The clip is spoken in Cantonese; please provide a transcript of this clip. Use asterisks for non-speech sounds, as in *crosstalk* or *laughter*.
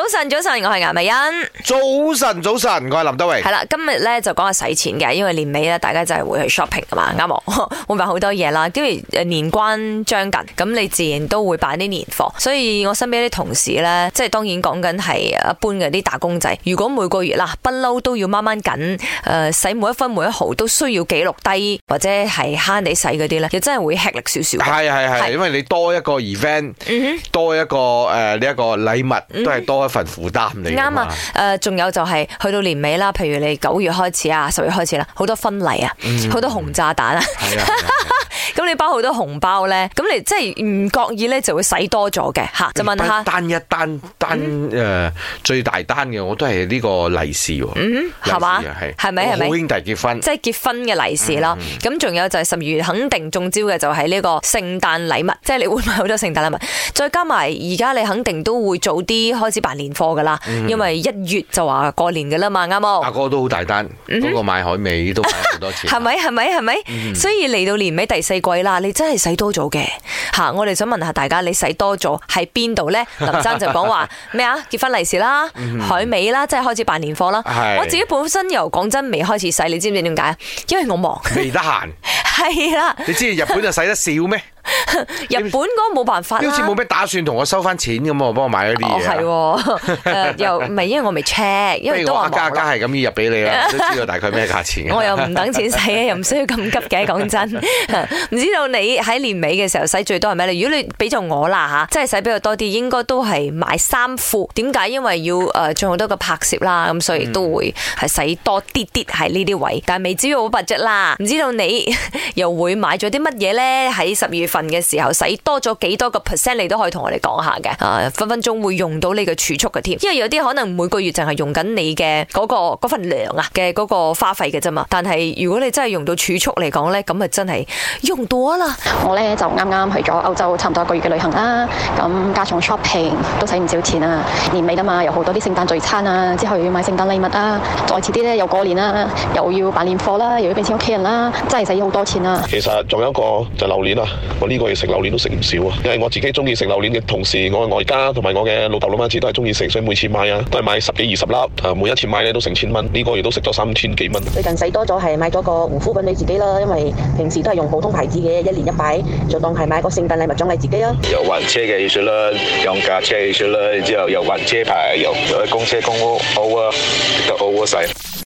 早晨，早晨，我係顏美欣。早晨，早晨，我係林德榮。係啦，今日咧就講下使錢嘅，因為年尾咧，大家就係會去 shopping 㗎嘛，啱、嗯、 *laughs* 我會買好多嘢啦。跟住誒年關將近，咁你自然都會辦啲年貨。所以我身邊啲同事咧，即係當然講緊係一般嘅啲打工仔，如果每個月啦不嬲都要掹掹緊，誒、呃、使每一分每一毫都需要記錄低，或者係慳你使嗰啲咧，又真係會吃力少少。係係係，因為你多一個 event，多一個誒呢一個禮物都係多。一份負擔嚟，啱啊！誒、呃、仲有就係、是、去到年尾啦，譬如你九月開始啊，十月開始啦，好多婚禮啊，好、嗯、多紅炸彈啊。 *laughs* 咁你包好多紅包咧，咁你即係唔覺意咧就會使多咗嘅吓，就問下單一單單誒、嗯呃、最大單嘅我都係呢個利是喎。嗯係嘛，係咪係咪好兄弟結婚，即係結婚嘅利是啦。咁、嗯、仲有就係十二月肯定中招嘅就係呢個聖誕禮物，即、就、係、是、你會買好多聖誕禮物，再加埋而家你肯定都會早啲開始辦年貨噶啦，因為一月就話過年噶啦嘛啱冇？阿哥，哥都好大單，嗰、嗯那個買海味都買好多錢，係咪係咪係咪？所以嚟到年尾第四個啦，你真係使多咗嘅吓，我哋想問下大家，你使多咗喺邊度呢？林生就講話咩啊？結婚利是啦， *laughs* 海美啦，即係開始辦年貨啦。我自己本身由講真未開始使，你知唔知點解？因為我忙，未得閒。係 *laughs* 啦，你知日本就使得少咩？ *laughs* 日本嗰冇辦法啦，好似冇咩打算同我收翻錢咁，我幫我買咗啲嘢。哦，係、呃，又咪因為我未 check，因為都話價格係咁易入俾你啦，都知道大概咩價錢。我又唔等錢使， *laughs* 又唔需要咁急嘅。講真，唔 *laughs* 知道你喺年尾嘅時候使最多係咩咧？如果你俾咗我啦吓，即係使比較多啲，應該都係買衫褲。點解？因為要誒做好多個拍攝啦，咁所以都會係使多啲啲喺呢啲位、嗯。但係未知好白着啦，唔知道你又會買咗啲乜嘢咧？喺十二月份。嘅時候使多咗幾多個 percent，你都可以同我哋講下嘅，啊分分鐘會用到你嘅儲蓄嘅添，因為有啲可能每個月淨係用緊你嘅嗰個嗰份糧啊嘅嗰個花費嘅啫嘛，但係如果你真係用到儲蓄嚟講呢，咁啊真係用多啦。我呢就啱啱去咗歐洲差唔多一個月嘅旅行啦，咁加重 shopping 都使唔少錢啊。年尾啦嘛，有好多啲聖誕聚餐啊，之後要買聖誕禮物啊，再遲啲呢又過年啦，又要辦年貨啦，又要俾錢屋企人啦，真係使好多錢啊。其實仲有一個就流年啦，呢個月食榴蓮都食唔少啊！因為我自己中意食榴蓮嘅同時，我嘅外家同埋我嘅老豆老媽子都係中意食，所以每次買啊都係買十幾二十粒。每一次買咧都成千蚊，呢個月都食咗三千幾蚊。最近使多咗係買咗個護膚品俾自己啦，因為平時都係用普通牌子嘅，一年一擺就當係買個聖誕禮物獎勵自己啊。又換車嘅，要算啦，用架車要算啦，然之後又換車牌，又公車公屋 over，都 over 晒。